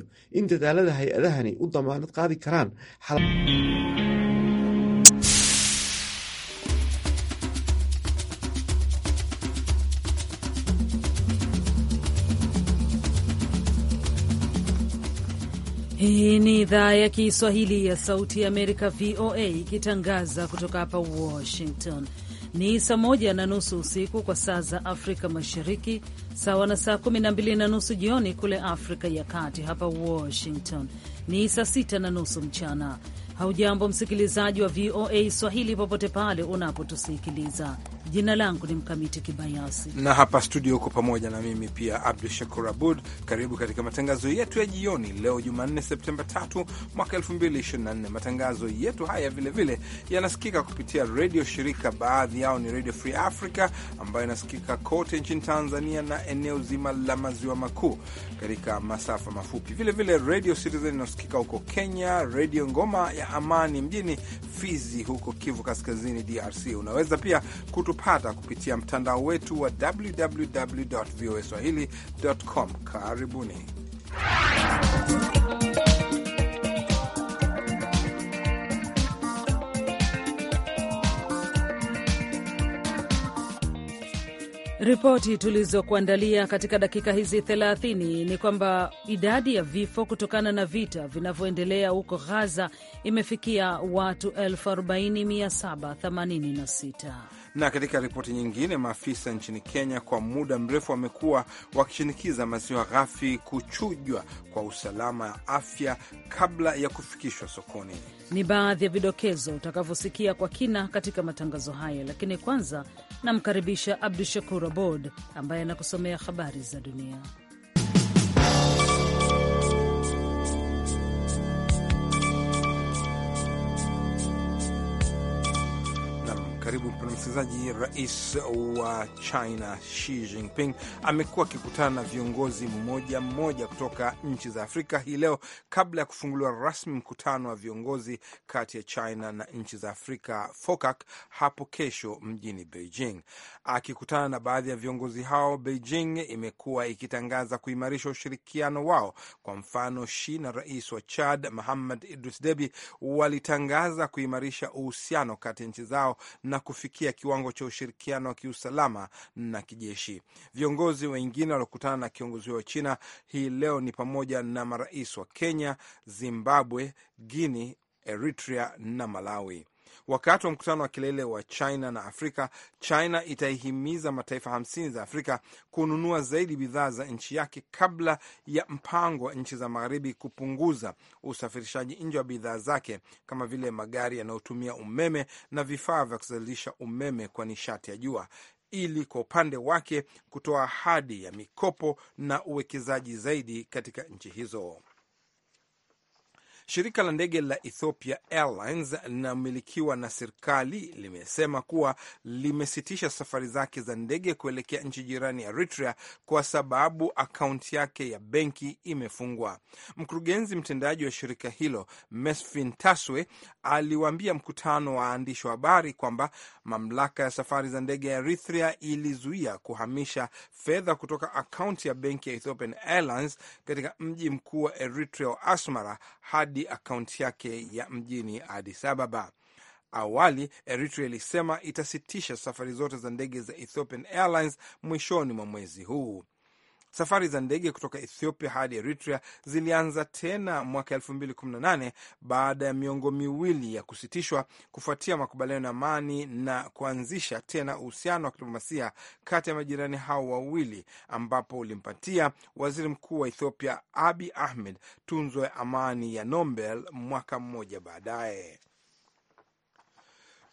muujiyo in dadaalada hay-adahani u damaanad qaadi karaan Hii ni idhaa ya Kiswahili ya Sauti ya Amerika, VOA, ikitangaza kutoka hapa Washington. Ni saa moja na nusu usiku kwa saa za Afrika Mashariki, sawa na saa kumi na mbili na nusu jioni kule Afrika ya Kati. Hapa Washington ni saa sita na nusu mchana. Haujambo msikilizaji wa VOA Swahili popote pale unapotusikiliza. Jina langu ni Mkamiti Kibayasi na hapa studio huko pamoja na mimi pia Abdu Shakur Abud. Karibu katika matangazo yetu ya jioni leo Jumanne, Septemba 3 mwaka 2024. Matangazo yetu haya vilevile yanasikika kupitia redio shirika, baadhi yao ni Redio Free Africa ambayo inasikika kote nchini Tanzania na eneo zima la maziwa makuu katika masafa mafupi, vilevile Redio Citizen inayosikika huko Kenya, Redio Ngoma ya Amani mjini Fizi huko Kivu Kaskazini, DRC. Unaweza pia kutu kutupata kupitia mtandao wetu wa www voa swahilicom. Karibuni. Ripoti tulizokuandalia katika dakika hizi 30 ni kwamba idadi ya vifo kutokana na vita vinavyoendelea huko Gaza imefikia watu 40786. Na katika ripoti nyingine, maafisa nchini Kenya kwa muda mrefu wamekuwa wakishinikiza maziwa ghafi kuchujwa kwa usalama ya afya kabla ya kufikishwa sokoni. Ni baadhi ya vidokezo utakavyosikia kwa kina katika matangazo haya, lakini kwanza namkaribisha Abdu Shakur Abod ambaye anakusomea habari za dunia. msikilizaji, rais wa China Xi Jinping amekuwa akikutana na viongozi mmoja mmoja kutoka nchi za Afrika hii leo kabla ya kufunguliwa rasmi mkutano wa viongozi kati ya China na nchi za Afrika FOCAC hapo kesho mjini Beijing. Akikutana na baadhi ya viongozi hao, Beijing imekuwa ikitangaza kuimarisha ushirikiano wao. Kwa mfano, Xi na rais wa Chad mahamad Idris Deby walitangaza kuimarisha uhusiano kati ya nchi zao na kufikia kufikia kiwango cha ushirikiano wa kiusalama na kijeshi. Viongozi wengine waliokutana na kiongozi huyo wa China hii leo ni pamoja na marais wa Kenya, Zimbabwe, Guinea, Eritrea na Malawi. Wakati wa mkutano wa kilele wa China na Afrika, China itaihimiza mataifa hamsini za Afrika kununua zaidi bidhaa za nchi yake kabla ya mpango wa nchi za magharibi kupunguza usafirishaji nje wa bidhaa zake kama vile magari yanayotumia umeme na vifaa vya kuzalisha umeme kwa nishati ya jua ili kwa upande wake kutoa ahadi ya mikopo na uwekezaji zaidi katika nchi hizo. Shirika la ndege la Ethiopia Airlines linamilikiwa na serikali limesema kuwa limesitisha safari zake za ndege kuelekea nchi jirani ya Eritrea kwa sababu akaunti yake ya benki imefungwa. Mkurugenzi mtendaji wa shirika hilo Mesfin Taswe aliwaambia mkutano wa waandishi wa habari kwamba mamlaka ya safari za ndege ya Eritrea ilizuia kuhamisha fedha kutoka akaunti ya benki ya Ethiopian Airlines katika mji mkuu wa Eritrea wa Asmara hadi hadi akaunti yake ya mjini Addis Ababa. Awali Eritrea ilisema itasitisha safari zote za ndege za Ethiopian Airlines mwishoni mwa mwezi huu. Safari za ndege kutoka Ethiopia hadi Eritrea zilianza tena mwaka 2018 baada ya miongo miwili ya kusitishwa kufuatia makubaliano ya amani na kuanzisha tena uhusiano wa kidiplomasia kati ya majirani hao wawili, ambapo ulimpatia waziri mkuu wa Ethiopia Abi Ahmed tunzo ya amani ya Nobel mwaka mmoja baadaye.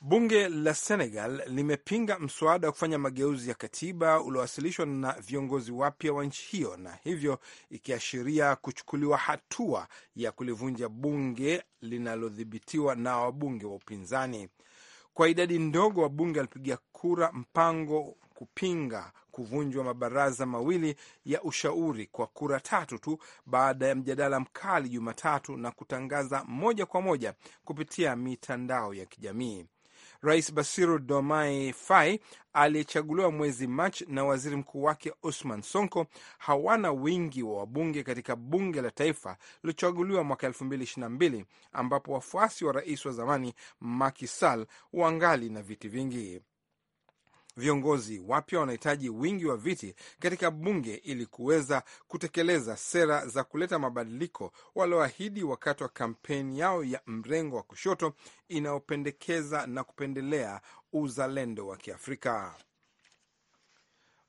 Bunge la Senegal limepinga mswada wa kufanya mageuzi ya katiba uliowasilishwa na viongozi wapya wa nchi hiyo, na hivyo ikiashiria kuchukuliwa hatua ya kulivunja bunge linalodhibitiwa na wabunge wa upinzani. Kwa idadi ndogo, wabunge walipiga kura mpango kupinga kuvunjwa mabaraza mawili ya ushauri kwa kura tatu tu baada ya mjadala mkali Jumatatu, na kutangaza moja kwa moja kupitia mitandao ya kijamii. Rais Basiru domai fai aliyechaguliwa mwezi Machi na waziri mkuu wake Osman Sonko hawana wingi wa wabunge katika bunge la taifa lilochaguliwa mwaka 2022 ambapo wafuasi wa rais wa zamani makisal wangali na viti vingi. Viongozi wapya wanahitaji wingi wa viti katika bunge ili kuweza kutekeleza sera za kuleta mabadiliko walioahidi wakati wa kampeni yao ya mrengo wa kushoto inayopendekeza na kupendelea uzalendo wa Kiafrika.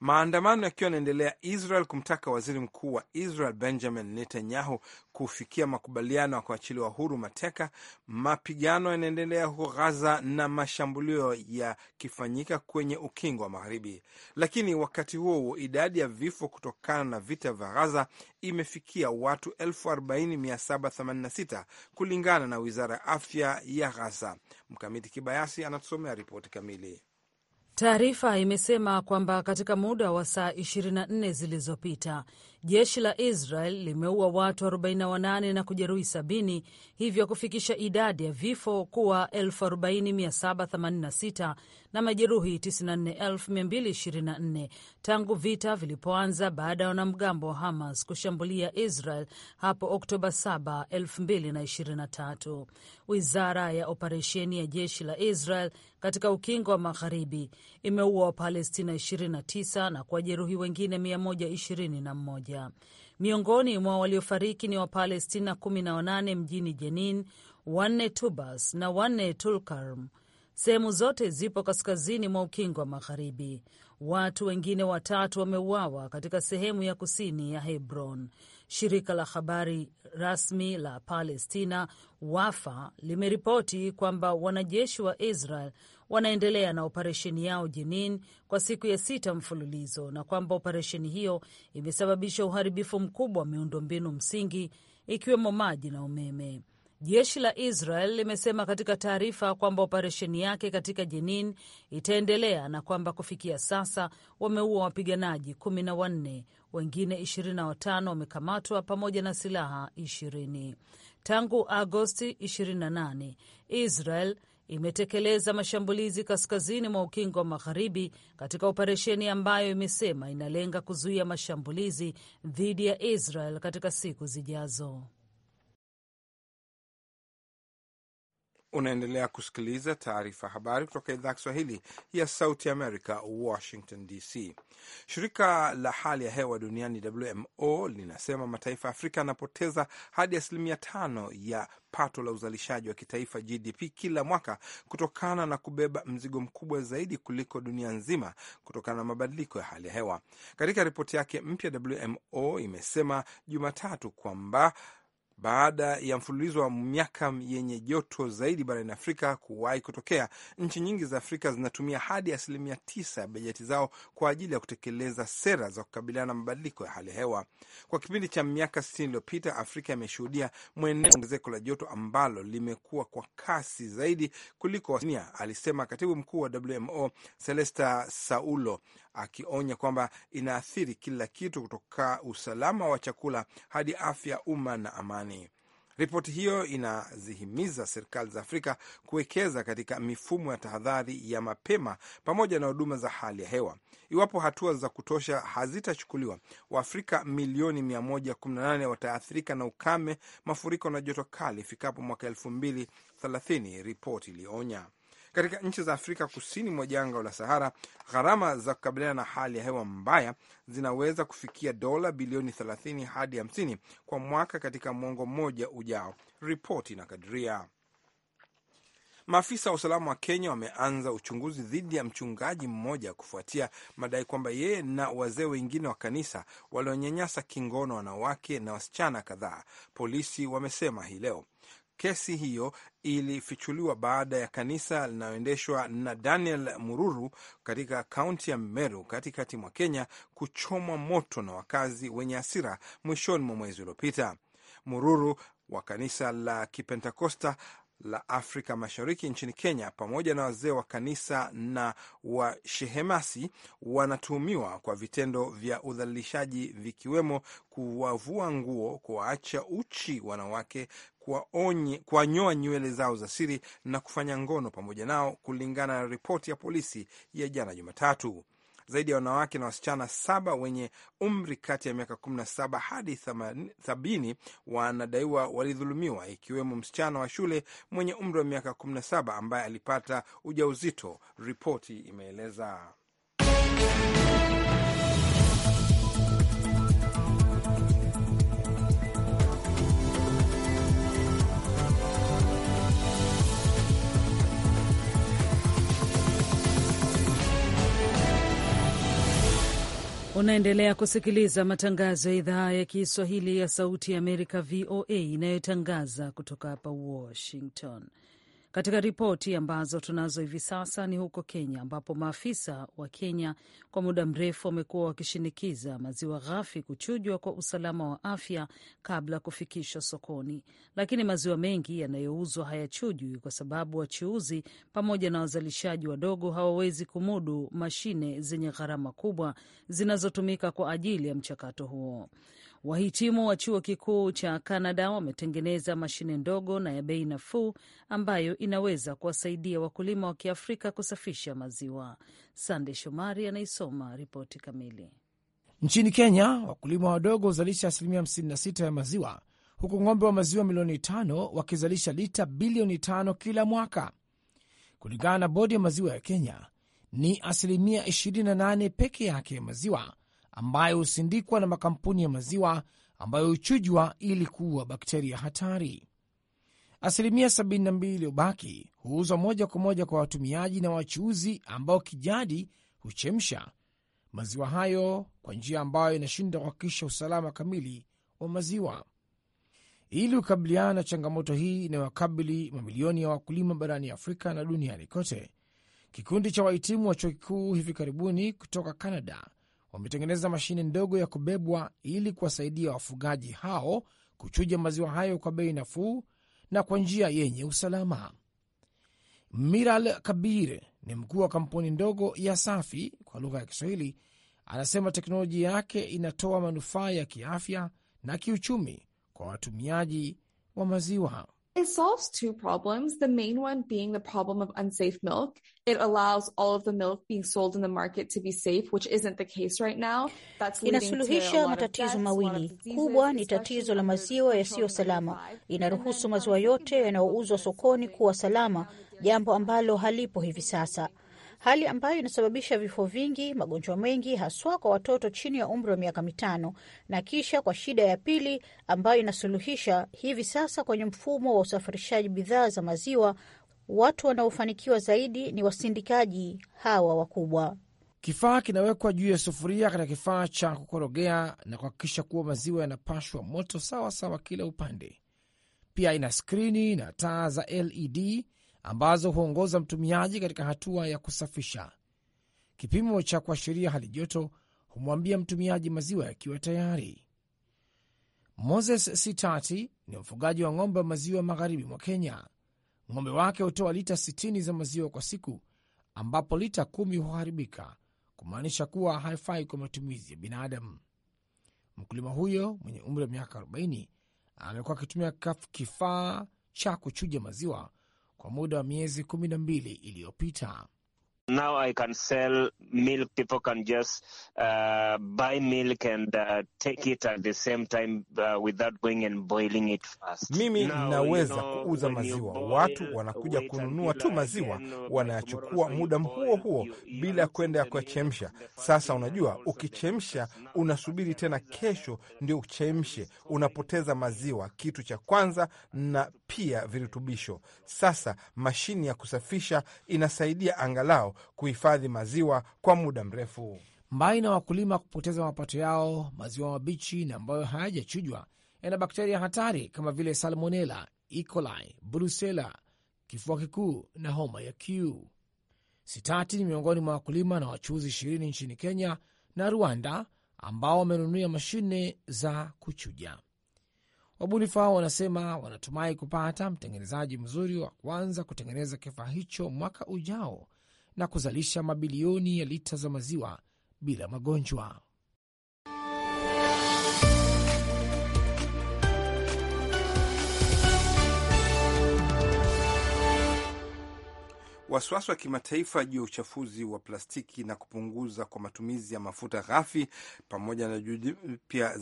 Maandamano yakiwa yanaendelea Israel kumtaka waziri mkuu wa Israel Benjamin Netanyahu kufikia makubaliano ya kuachiliwa huru mateka. Mapigano yanaendelea huko Gaza na mashambulio yakifanyika kwenye ukingo wa Magharibi. Lakini wakati huo huo, idadi ya vifo kutokana na vita vya Gaza imefikia watu 40786 kulingana na wizara ya afya ya Gaza. Mkamiti Kibayasi anatusomea ripoti kamili. Taarifa imesema kwamba katika muda wa saa 24 zilizopita Jeshi la Israel limeua watu 48 na kujeruhi 70 hivyo kufikisha idadi ya vifo kuwa 40786 na majeruhi 94224 tangu vita vilipoanza baada ya wanamgambo wa Hamas kushambulia Israel hapo Oktoba 7, 2023. Wizara ya operesheni ya jeshi la Israel katika ukingo wa magharibi imeua Wapalestina 29 na kuwajeruhi wengine 121 moja. Miongoni mwa waliofariki ni Wapalestina 18 mjini Jenin, wanne Tubas na wanne Tulkarm. Sehemu zote zipo kaskazini mwa ukingo wa magharibi. Watu wengine watatu wameuawa katika sehemu ya kusini ya Hebron. Shirika la habari rasmi la Palestina, Wafa, limeripoti kwamba wanajeshi wa Israel wanaendelea na operesheni yao Jenin kwa siku ya sita mfululizo na kwamba operesheni hiyo imesababisha uharibifu mkubwa wa miundombinu msingi ikiwemo maji na umeme. Jeshi la Israel limesema katika taarifa kwamba operesheni yake katika Jenin itaendelea na kwamba kufikia sasa wameua wapiganaji kumi na wanne, wengine 25 wamekamatwa pamoja na silaha 20. Tangu Agosti 28 Israel imetekeleza mashambulizi kaskazini mwa ukingo wa magharibi katika operesheni ambayo imesema inalenga kuzuia mashambulizi dhidi ya Israel katika siku zijazo. Unaendelea kusikiliza taarifa habari kutoka idhaa ya Kiswahili ya Sauti Amerika, Washington DC. Shirika la hali ya hewa duniani WMO linasema mataifa ya Afrika yanapoteza hadi asilimia tano ya pato la uzalishaji wa kitaifa GDP kila mwaka kutokana na kubeba mzigo mkubwa zaidi kuliko dunia nzima kutokana na mabadiliko ya hali ya hewa. Katika ripoti yake mpya, WMO imesema Jumatatu kwamba baada ya mfululizo wa miaka yenye joto zaidi barani Afrika kuwahi kutokea. Nchi nyingi za Afrika zinatumia hadi asilimia tisa ya bajeti zao kwa ajili ya kutekeleza sera za kukabiliana na mabadiliko ya hali ya hewa. Kwa kipindi cha miaka sitini iliyopita, Afrika imeshuhudia mwenendo ongezeko la joto ambalo limekuwa kwa kasi zaidi kuliko alisema katibu mkuu wa WMO Celesta Saulo akionya kwamba inaathiri kila kitu kutoka usalama wa chakula hadi afya umma na amani. Ripoti hiyo inazihimiza serikali za Afrika kuwekeza katika mifumo ya tahadhari ya mapema pamoja na huduma za hali ya hewa. Iwapo hatua za kutosha hazitachukuliwa, Waafrika milioni 118 wataathirika na ukame, mafuriko na joto kali ifikapo mwaka 2030, ripoti ilionya. Katika nchi za Afrika kusini mwa jangwa la Sahara, gharama za kukabiliana na hali ya hewa mbaya zinaweza kufikia dola bilioni 30 hadi 50 kwa mwaka katika mwongo mmoja ujao, ripoti inakadiria. Maafisa wa usalama wa Kenya wameanza uchunguzi dhidi ya mchungaji mmoja kufuatia madai kwamba yeye na wazee wengine wa kanisa walionyanyasa kingono wanawake na wasichana kadhaa, polisi wamesema hii leo. Kesi hiyo ilifichuliwa baada ya kanisa linaloendeshwa na Daniel Mururu katika kaunti ya Meru katikati mwa Kenya kuchomwa moto na wakazi wenye hasira mwishoni mwa mwezi uliopita. Mururu wa kanisa la Kipentakosta la Afrika Mashariki nchini Kenya pamoja na wazee wa kanisa na washehemasi wanatuhumiwa kwa vitendo vya udhalilishaji vikiwemo kuwavua nguo, kuwaacha uchi wanawake, kuwanyoa nywele zao za siri na kufanya ngono pamoja nao, kulingana na ripoti ya polisi ya jana Jumatatu. Zaidi ya wanawake na wasichana saba wenye umri kati ya miaka 17 hadi 70 wanadaiwa walidhulumiwa, ikiwemo msichana wa shule mwenye umri wa miaka 17 ambaye alipata ujauzito, ripoti imeeleza. Unaendelea kusikiliza matangazo ya idhaa ya Kiswahili ya Sauti ya Amerika, VOA, inayotangaza kutoka hapa Washington. Katika ripoti ambazo tunazo hivi sasa ni huko Kenya, ambapo maafisa wa Kenya kwa muda mrefu wamekuwa wakishinikiza maziwa ghafi kuchujwa kwa usalama wa afya kabla ya kufikishwa sokoni, lakini maziwa mengi yanayouzwa hayachujwi kwa sababu wachuuzi pamoja na wazalishaji wadogo hawawezi kumudu mashine zenye gharama kubwa zinazotumika kwa ajili ya mchakato huo. Wahitimu wa chuo kikuu cha canada wametengeneza mashine ndogo na ya bei nafuu ambayo inaweza kuwasaidia wakulima wa Kiafrika kusafisha maziwa. Sande Shomari anaisoma ripoti kamili. Nchini Kenya, wakulima wadogo huzalisha asilimia 56 ya maziwa, huku ng'ombe wa maziwa milioni tano wakizalisha lita bilioni tano kila mwaka. Kulingana na bodi ya maziwa ya Kenya, ni asilimia 28 peke yake ya maziwa ambayo husindikwa na makampuni ya maziwa ambayo huchujwa ili kuua bakteria hatari. Asilimia 72 iliyobaki huuzwa moja kwa moja kwa watumiaji na wachuuzi ambao kijadi huchemsha maziwa hayo kwa njia ambayo inashinda kuhakikisha usalama kamili wa maziwa. Ili kukabiliana na changamoto hii inayowakabili mamilioni ya wakulima barani Afrika na duniani kote, kikundi cha wahitimu wa chuo kikuu hivi karibuni kutoka Canada wametengeneza mashine ndogo ya kubebwa ili kuwasaidia wafugaji hao kuchuja maziwa hayo kwa bei nafuu na kwa njia yenye usalama. Miral Kabir ni mkuu wa kampuni ndogo ya Safi kwa lugha ya Kiswahili. Anasema teknolojia yake inatoa manufaa ya kiafya na kiuchumi kwa watumiaji wa maziwa. It solves two problems. The main one being the problem of unsafe milk. It allows all of the milk being sold in the market to be safe, which isn't the case right now. That's inasuluhisha matatizo mawili. Kubwa ni tatizo la maziwa yasiyo salama. Inaruhusu maziwa yote yanayouzwa sokoni kuwa salama, jambo ambalo halipo hivi sasa. hali ambayo inasababisha vifo vingi, magonjwa mengi, haswa kwa watoto chini ya umri wa miaka mitano, na kisha kwa shida ya pili ambayo inasuluhisha hivi sasa kwenye mfumo wa usafirishaji bidhaa za maziwa. Watu wanaofanikiwa zaidi ni wasindikaji hawa wakubwa. Kifaa kinawekwa juu ya sufuria katika kifaa cha kukorogea na kuhakikisha kuwa maziwa yanapashwa moto sawa sawa kila upande. Pia ina skrini na taa za LED ambazo huongoza mtumiaji katika hatua ya kusafisha. Kipimo cha kuashiria hali joto humwambia mtumiaji maziwa yakiwa tayari. Moses Sitati ni mfugaji wa ng'ombe wa maziwa magharibi mwa Kenya. Ng'ombe wake hutoa lita 60 za maziwa kwa siku, ambapo lita kumi huharibika, kumaanisha kuwa haifai kwa matumizi ya binadamu. Mkulima huyo mwenye umri wa miaka 40 amekuwa akitumia kifaa cha kuchuja maziwa kwa muda wa miezi kumi na mbili iliyopita. Now I can sell milk. People can just uh, buy milk and uh, take it at the same time uh, without going and boiling it first. Mimi Now, naweza you know, kuuza maziwa watu wanakuja kununua tu maziwa wanayachukua muda huo huo bila kwenda ya kuyachemsha. Sasa unajua, ukichemsha unasubiri tena kesho ndio uchemshe, unapoteza maziwa, kitu cha kwanza, na pia virutubisho. Sasa mashini ya kusafisha inasaidia angalau kuhifadhi maziwa kwa muda mrefu. Mbali na wakulima kupoteza mapato yao, maziwa mabichi na ambayo hayajachujwa yana bakteria hatari kama vile salmonela, E. coli, brusela, kifua kikuu na homa ya Q. Sitati ni miongoni mwa wakulima na wachuuzi ishirini nchini Kenya na Rwanda ambao wamenunua mashine za kuchuja. Wabunifu hao wanasema wanatumai kupata mtengenezaji mzuri wa kwanza kutengeneza kifaa hicho mwaka ujao na kuzalisha mabilioni ya lita za maziwa bila magonjwa. wasiwasi wa kimataifa juu ya uchafuzi wa plastiki na kupunguza kwa matumizi ya mafuta ghafi, pamoja na juhudi mpya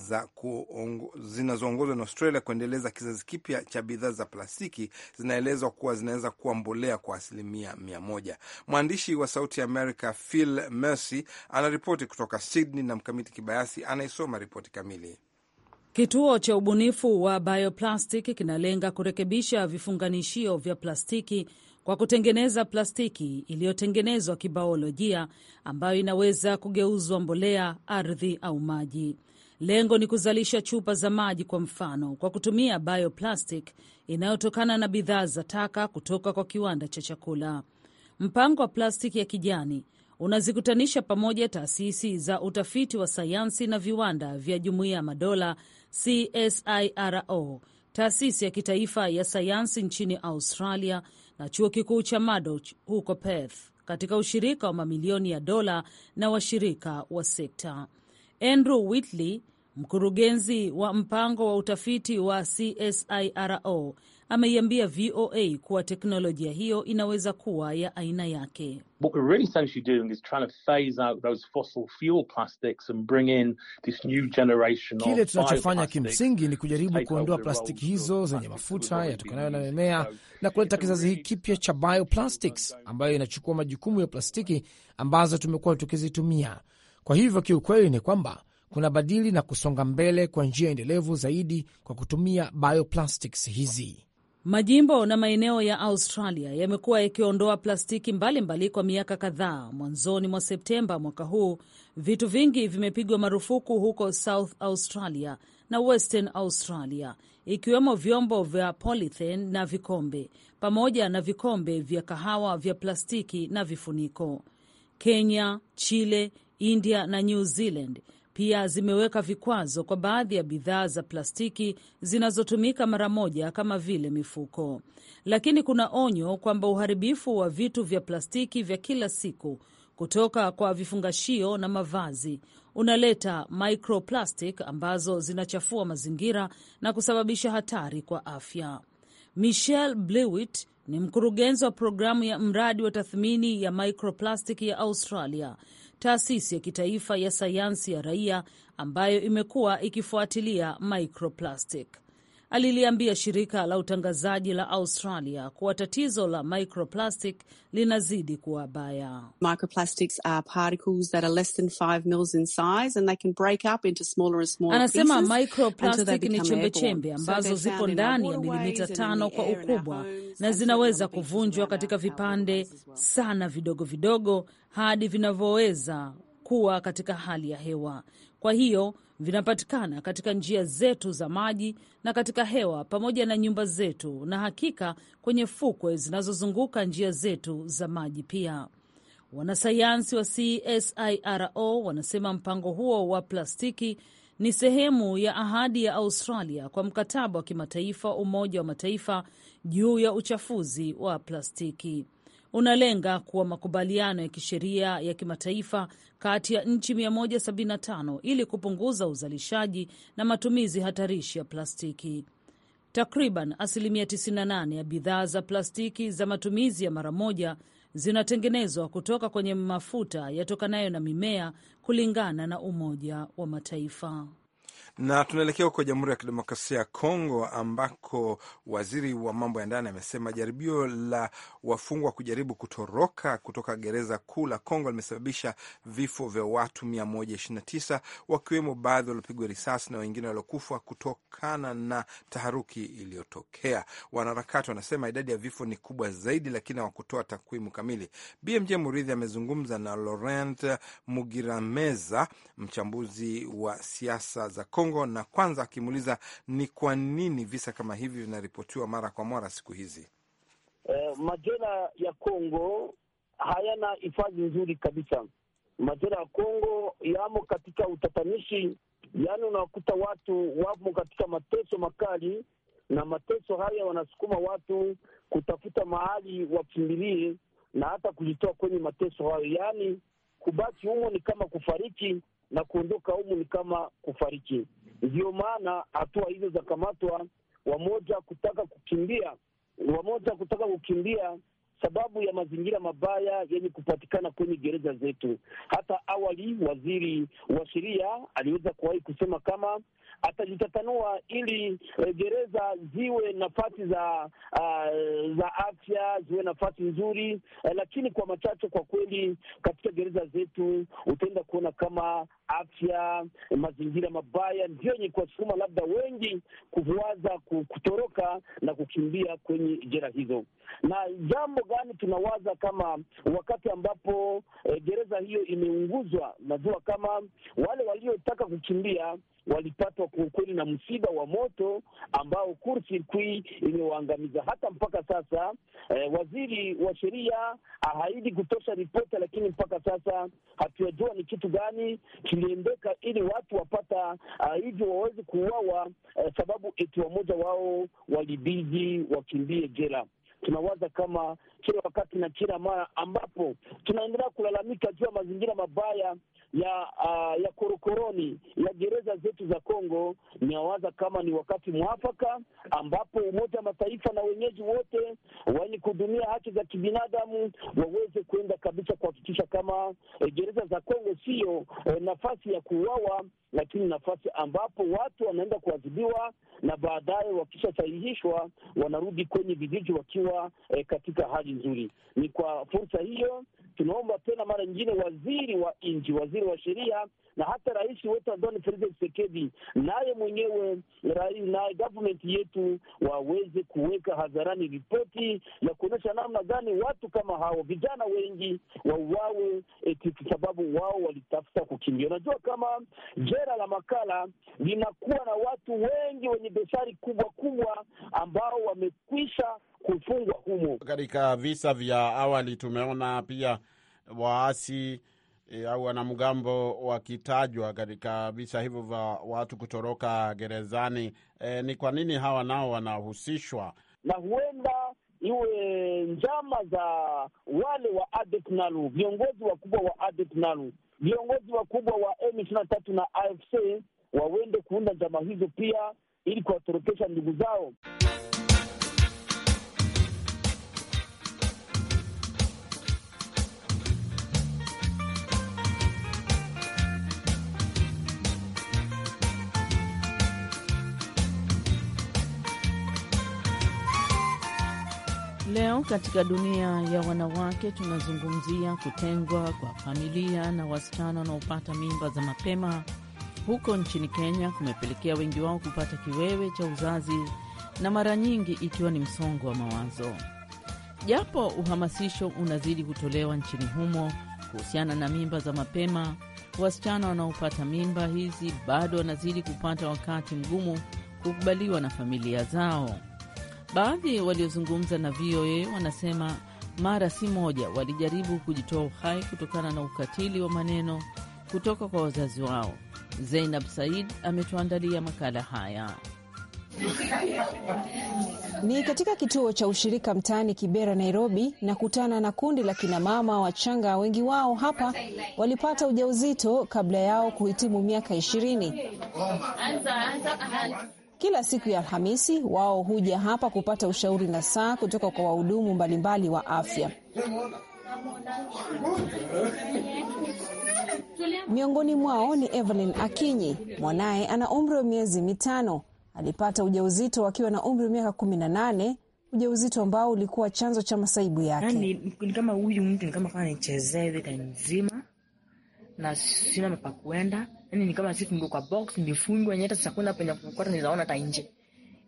zinazoongozwa na Australia kuendeleza kizazi kipya cha bidhaa za plastiki zinaelezwa kuwa zinaweza kuwa mbolea kwa asilimia mia moja. Mwandishi wa Sauti ya Amerika Phil Mercy anaripoti kutoka Sydney na Mkamiti Kibayasi anayesoma ripoti kamili. Kituo cha ubunifu wa bioplastic kinalenga kurekebisha vifunganishio vya plastiki kwa kutengeneza plastiki iliyotengenezwa kibaolojia ambayo inaweza kugeuzwa mbolea, ardhi au maji. Lengo ni kuzalisha chupa za maji kwa mfano, kwa kutumia bioplastic inayotokana na bidhaa za taka kutoka kwa kiwanda cha chakula. Mpango wa plastiki ya kijani unazikutanisha pamoja taasisi za utafiti wa sayansi na viwanda vya Jumuiya ya Madola, CSIRO, taasisi ya kitaifa ya sayansi nchini Australia na chuo kikuu cha Murdoch huko Perth katika ushirika wa mamilioni ya dola na washirika wa sekta. Andrew Whitley, mkurugenzi wa mpango wa utafiti wa CSIRO ameiambia VOA kuwa teknolojia hiyo inaweza kuwa ya aina yake. Kile tunachofanya kimsingi ni kujaribu kuondoa plastiki hizo zenye mafuta yatokanayo na mimea na kuleta kizazi hii kipya cha bioplastics ambayo inachukua majukumu ya plastiki ambazo tumekuwa tukizitumia. Kwa hivyo kiukweli ni kwamba kuna badili na kusonga mbele kwa njia endelevu zaidi kwa kutumia bioplastics hizi. Majimbo na maeneo ya Australia yamekuwa yakiondoa plastiki mbalimbali mbali kwa miaka kadhaa. Mwanzoni mwa Septemba mwaka huu, vitu vingi vimepigwa marufuku huko South Australia na Western Australia, ikiwemo vyombo vya polythene na vikombe, pamoja na vikombe vya kahawa vya plastiki na vifuniko. Kenya, Chile, India na New Zealand pia zimeweka vikwazo kwa baadhi ya bidhaa za plastiki zinazotumika mara moja kama vile mifuko. Lakini kuna onyo kwamba uharibifu wa vitu vya plastiki vya kila siku kutoka kwa vifungashio na mavazi unaleta microplastic ambazo zinachafua mazingira na kusababisha hatari kwa afya. Michelle Blewitt ni mkurugenzi wa programu ya mradi wa tathmini ya microplastic ya Australia taasisi ya kitaifa ya sayansi ya raia ambayo imekuwa ikifuatilia microplastic aliliambia shirika la utangazaji la Australia kuwa tatizo la microplastic linazidi kuwa baya. Anasema microplastic ni chembechembe ambazo so zipo ndani ya milimita tano kwa ukubwa na zinaweza kuvunjwa katika vipande sana vidogo vidogo hadi vinavyoweza kuwa katika hali ya hewa. Kwa hiyo vinapatikana katika njia zetu za maji na katika hewa pamoja na nyumba zetu, na hakika kwenye fukwe zinazozunguka njia zetu za maji pia. Wanasayansi wa CSIRO wanasema mpango huo wa plastiki ni sehemu ya ahadi ya Australia kwa mkataba wa kimataifa Umoja wa Mataifa juu ya uchafuzi wa plastiki unalenga kuwa makubaliano ya kisheria ya kimataifa kati ya nchi 175 ili kupunguza uzalishaji na matumizi hatarishi ya plastiki. Takriban asilimia 98 ya bidhaa za plastiki za matumizi ya mara moja zinatengenezwa kutoka kwenye mafuta yatokanayo na mimea kulingana na Umoja wa Mataifa. Na tunaelekea huko Jamhuri ya Kidemokrasia ya Kongo, ambako waziri wa mambo ya ndani amesema jaribio la wafungwa kujaribu kutoroka kutoka gereza kuu la Kongo limesababisha vifo vya watu 129 wakiwemo baadhi waliopigwa risasi na wengine waliokufa kutokana na taharuki iliyotokea. Wanaharakati wanasema idadi ya vifo ni kubwa zaidi, lakini hawakutoa takwimu kamili. BMJ Muridhi amezungumza na Laurent Mugirameza, mchambuzi wa siasa za Kongo Kongo, na kwanza akimuuliza ni kwa nini visa kama hivi vinaripotiwa mara kwa mara siku hizi. Eh, majela ya Kongo hayana hifadhi nzuri kabisa. Majela ya Kongo yamo katika utatanishi, yaani unawakuta watu wamo katika mateso makali, na mateso haya wanasukuma watu kutafuta mahali wakimbilie na hata kujitoa kwenye mateso hayo, yaani kubaki humo ni kama kufariki na kuondoka humu ni kama kufariki. Ndiyo maana hatua hizo za kamatwa, wamoja kutaka kukimbia, wamoja kutaka kukimbia sababu ya mazingira mabaya yenye kupatikana kwenye gereza zetu. Hata awali waziri wa sheria aliweza kuwahi kusema kama atajitatanua ili e, gereza ziwe nafasi za uh, za afya ziwe nafasi nzuri e, lakini kwa machache kwa kweli, katika gereza zetu utaenda kuona kama afya, mazingira mabaya ndio yenye kuwasukuma labda wengi kuwaza kutoroka na kukimbia kwenye jera hizo. Na jambo gani tunawaza kama wakati ambapo e, gereza hiyo imeunguzwa, najua kama wale waliotaka kukimbia walipatwa ukweli na msiba wa moto ambao kursi kui imewaangamiza hata mpaka sasa. Eh, waziri wa sheria ahaidi kutosha ripota, lakini mpaka sasa hatujajua ni kitu gani kiliendeka ili watu wapata uh, hivyo waweze kuuawa, eh, sababu eti wamoja wao walibidi wakimbie jela tunawaza kama kila wakati na kila mara ambapo tunaendelea kulalamika juu ya mazingira mabaya ya uh, ya korokoroni ya gereza zetu za Kongo, ninawaza kama ni wakati mwafaka ambapo Umoja wa Mataifa na wenyeji wote wenye kudumia haki za kibinadamu waweze kuenda kabisa kuhakikisha kama eh, gereza za Kongo sio eh, nafasi ya kuuawa lakini nafasi ambapo watu wanaenda kuadhibiwa na baadaye wakishasahihishwa wanarudi kwenye vijiji wakiwa kuwa e, katika hali nzuri. Ni kwa fursa hiyo tunaomba tena mara nyingine waziri wa nchi, waziri wa sheria na hata rais wetu Antoine Felix chisekedi naye mwenyewe rais na government yetu waweze kuweka hadharani ripoti ya kuonyesha namna gani watu kama hao vijana wengi wauawe, eti sababu wao walitafuta kukimbia. Unajua kama jela la Makala linakuwa na watu wengi wenye dosari kubwa kubwa ambao wamekwisha kufungwa humo. Katika visa vya awali tumeona pia waasi e, au wanamgambo wakitajwa katika visa hivyo vya watu kutoroka gerezani. E, ni kwa nini hawa nao wanahusishwa na huenda iwe njama za wale wa ADF NALU, viongozi wakubwa wa ADF NALU, viongozi wakubwa wa M23 na AFC wawende kuunda njama hizo pia ili kuwatorokesha ndugu zao. Leo katika dunia ya wanawake tunazungumzia kutengwa kwa familia na wasichana wanaopata mimba za mapema. Huko nchini Kenya kumepelekea wengi wao kupata kiwewe cha uzazi na mara nyingi ikiwa ni msongo wa mawazo. Japo uhamasisho unazidi kutolewa nchini humo kuhusiana na mimba za mapema, wasichana wanaopata mimba hizi bado wanazidi kupata wakati mgumu kukubaliwa na familia zao. Baadhi waliozungumza na VOA wanasema mara si moja walijaribu kujitoa uhai kutokana na ukatili wa maneno kutoka kwa wazazi wao. zeinab Said ametuandalia makala haya. Ni katika kituo cha ushirika mtaani Kibera, Nairobi, na kutana na kundi la kinamama wachanga. Wengi wao hapa walipata ujauzito kabla yao kuhitimu miaka ishirini. Kila siku ya Alhamisi wao huja hapa kupata ushauri na saa kutoka kwa wahudumu mbalimbali wa afya. Miongoni mwao ni Evelyn Akinyi, mwanaye ana umri wa miezi mitano. Alipata ujauzito akiwa na umri wa miaka kumi na nane, ujauzito ambao ulikuwa chanzo cha masaibu yake. Yaani, ni kama huyu mtu ni kama nzima na sina mapa kuenda, yani ni kama siku ndo kwa box nifungwe yenyewe, yaani hata sasa penye kukwata naweza ona hata nje,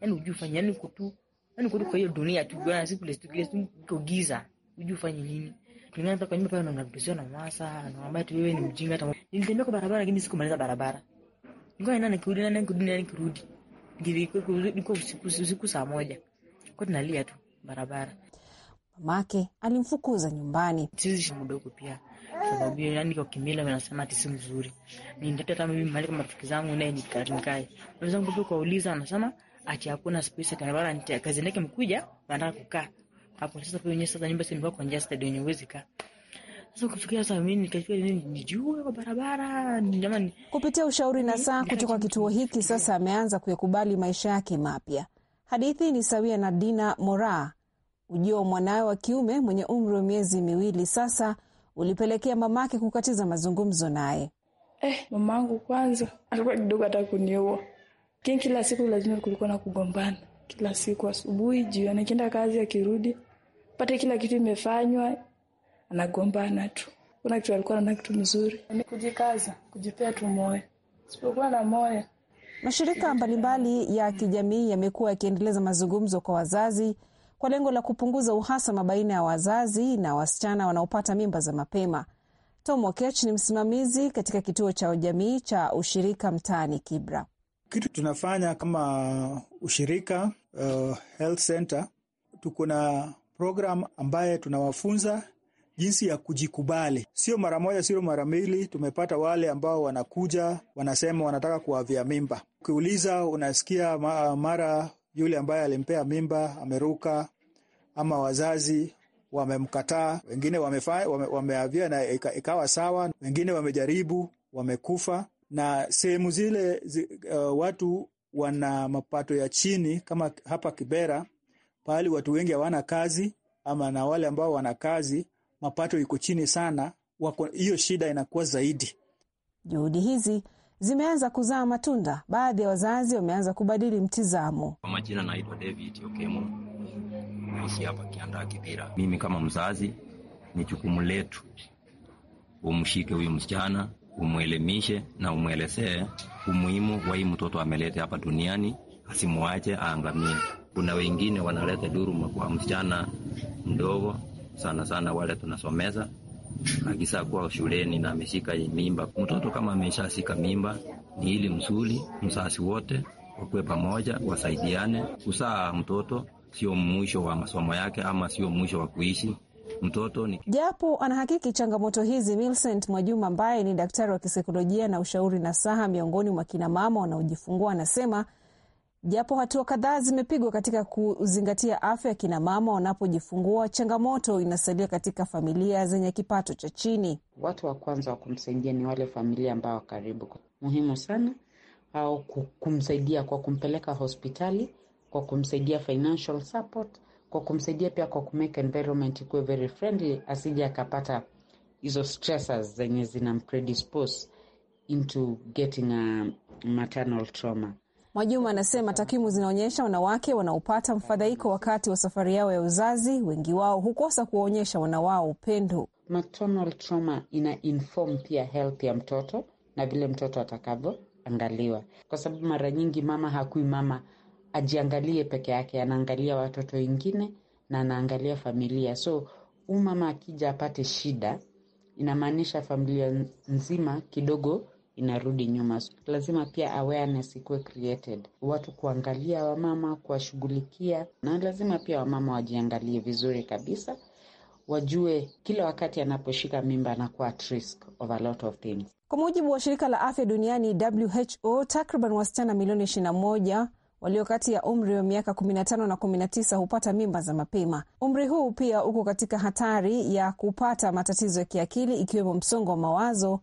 yani unajua fanya yani kutu yani kutu kwa hiyo dunia tu bwana, siku ile siku ile siku giza, unajua fanya nini? Tunaanza kwa nyumba pale na mnabishia na masa na mama tu, wewe ni mjinga. Hata nilitembea kwa barabara, lakini sikumaliza barabara, ngoja nani kurudi nani kurudi nani kurudi, kwa usiku usiku saa moja, kwa tunalia tu barabara. Mamake alimfukuza nyumbani, sisi mdogo pia sababu hiyo, yani kwa kimila wanasema ati si mzuri. Ni Nitatoa hata mimi mali kama rafiki zangu naye ni nikarinkai. Wenzangu pia kuuliza anasema ati hakuna space kana bara nita kazi yake mkuja wanataka kukaa. Hapo sasa pia wenyewe sasa nyumba sio kwa njia stadium yenyewe kaa. Sasa kufikia sasa mimi nikafikia nini nijue kwa barabara jamani. Kupitia ushauri na saa kutoka kituo hiki sasa ameanza kuyakubali maisha yake mapya. Hadithi ni sawia na Dina Mora. ujio wa mwanawe wa kiume mwenye umri wa miezi miwili sasa ulipelekea mamake kukatiza mazungumzo naye. Eh, mamangu kwanza alikuwa kidogo hata kuniua, lakini kila siku lazima kulikuwa na kugombana kila siku, asubuhi, jioni, akienda kazi, akirudi, pate kila kitu imefanywa, anagombana tu. Kuna kitu alikuwa na kitu mzuri, kujikaza, kujipea tu moyo, sipokuwa na moyo Mashirika mbalimbali ya kijamii yamekuwa yakiendeleza mazungumzo kwa wazazi kwa lengo la kupunguza uhasama baina ya wazazi na wasichana wanaopata mimba za mapema. Tom Wakech ni msimamizi katika kituo cha jamii cha ushirika mtaani Kibra. Kitu tunafanya kama ushirika uh, health center, tuko na program ambaye tunawafunza jinsi ya kujikubali. Sio mara moja, sio mara mbili. Tumepata wale ambao wanakuja wanasema wanataka kuavya mimba, ukiuliza unasikia mara yule ambaye alimpea mimba ameruka, ama wazazi wamemkataa, wengine wameavia wame, na ikawa sawa, wengine wamejaribu wamekufa. Na sehemu zile zi, uh, watu wana mapato ya chini kama hapa Kibera, pahali watu wengi hawana kazi ama na wale ambao wana kazi mapato iko chini sana, hiyo shida inakuwa zaidi. Juhudi hizi zimeanza kuzaa matunda. Baadhi ya wazazi wameanza kubadili mtizamo. Kwa majina naitwa David Okemo, naishi hapa Kiandaa Kibira. Mimi kama mzazi, ni jukumu letu umshike huyu msichana, umwelimishe na umwelezee umuhimu wa hii mtoto amelete hapa duniani, asimwache aangamie. Kuna wengine wanaleta dhuruma kwa msichana mdogo, sana sana wale tunasomeza akisaa kuwa shuleni na ameshika mimba. Mtoto kama ameshashika mimba ni ili mzuri, mzazi wote wakuwe pamoja, wasaidiane. Kusaa mtoto sio mwisho wa masomo yake ama sio mwisho wa kuishi mtoto ni... japo anahakiki changamoto hizi. Milcent Mwajuma ambaye ni daktari wa kisaikolojia na ushauri na saha miongoni mwa kinamama wanaojifungua anasema Japo hatua kadhaa zimepigwa katika kuzingatia afya ya kina mama wanapojifungua, changamoto inasalia katika familia zenye kipato cha chini. Watu wa kwanza wa kumsaidia ni wale familia ambao wakaribu, muhimu sana au kumsaidia kwa kumpeleka hospitali, kwa kumsaidia financial support, kwa kumsaidia pia kwa kumake environment ikuwe very friendly, asije akapata hizo stressors zenye zinampredispose into getting a maternal trauma. Mwajuma anasema takwimu zinaonyesha wanawake wanaopata mfadhaiko wakati wa safari yao ya uzazi, wengi wao hukosa kuwaonyesha wanawao upendo. Maternal trauma ina inform pia health ya mtoto na vile mtoto atakavyoangaliwa, kwa sababu mara nyingi mama hakui mama ajiangalie peke yake, anaangalia watoto wengine na anaangalia familia. So huu mama akija apate shida, inamaanisha familia nzima kidogo inarudi nyuma. Lazima pia awareness ikuwe created, watu kuangalia wamama, kuwashughulikia, na lazima pia wamama wajiangalie vizuri kabisa, wajue kila wakati anaposhika mimba anakuwa at risk of a lot of things. Kwa mujibu wa shirika la afya duniani WHO, takriban wasichana milioni 21 walio kati ya umri wa miaka 15 na 19 hupata mimba za mapema. Umri huu pia uko katika hatari ya kupata matatizo ya kiakili ikiwemo msongo wa mawazo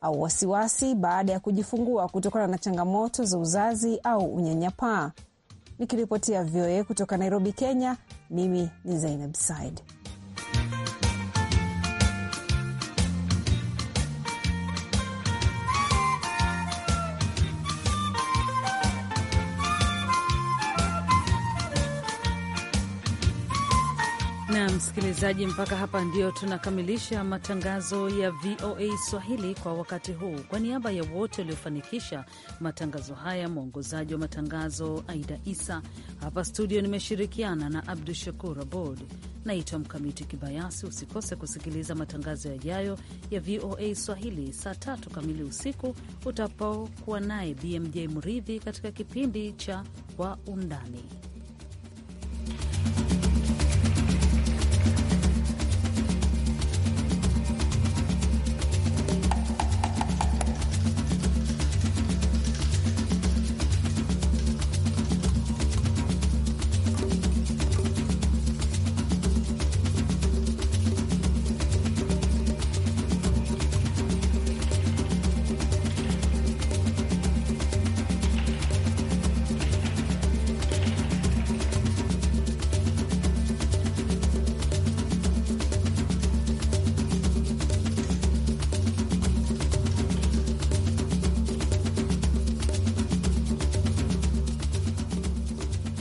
au wasiwasi baada ya kujifungua kutokana na changamoto za uzazi au unyanyapaa. Nikiripotia VOA kutoka Nairobi, Kenya, mimi ni Zainab Said. msikilizaji, mpaka hapa ndio tunakamilisha matangazo ya VOA Swahili kwa wakati huu. Kwa niaba ya wote waliofanikisha matangazo haya, mwongozaji wa matangazo Aida Isa, hapa studio nimeshirikiana na Abdu Shakur Abod. Naitwa Mkamiti Kibayasi. Usikose kusikiliza matangazo yajayo ya VOA Swahili saa tatu kamili usiku utapokuwa naye BMJ mridhi katika kipindi cha Kwa Undani.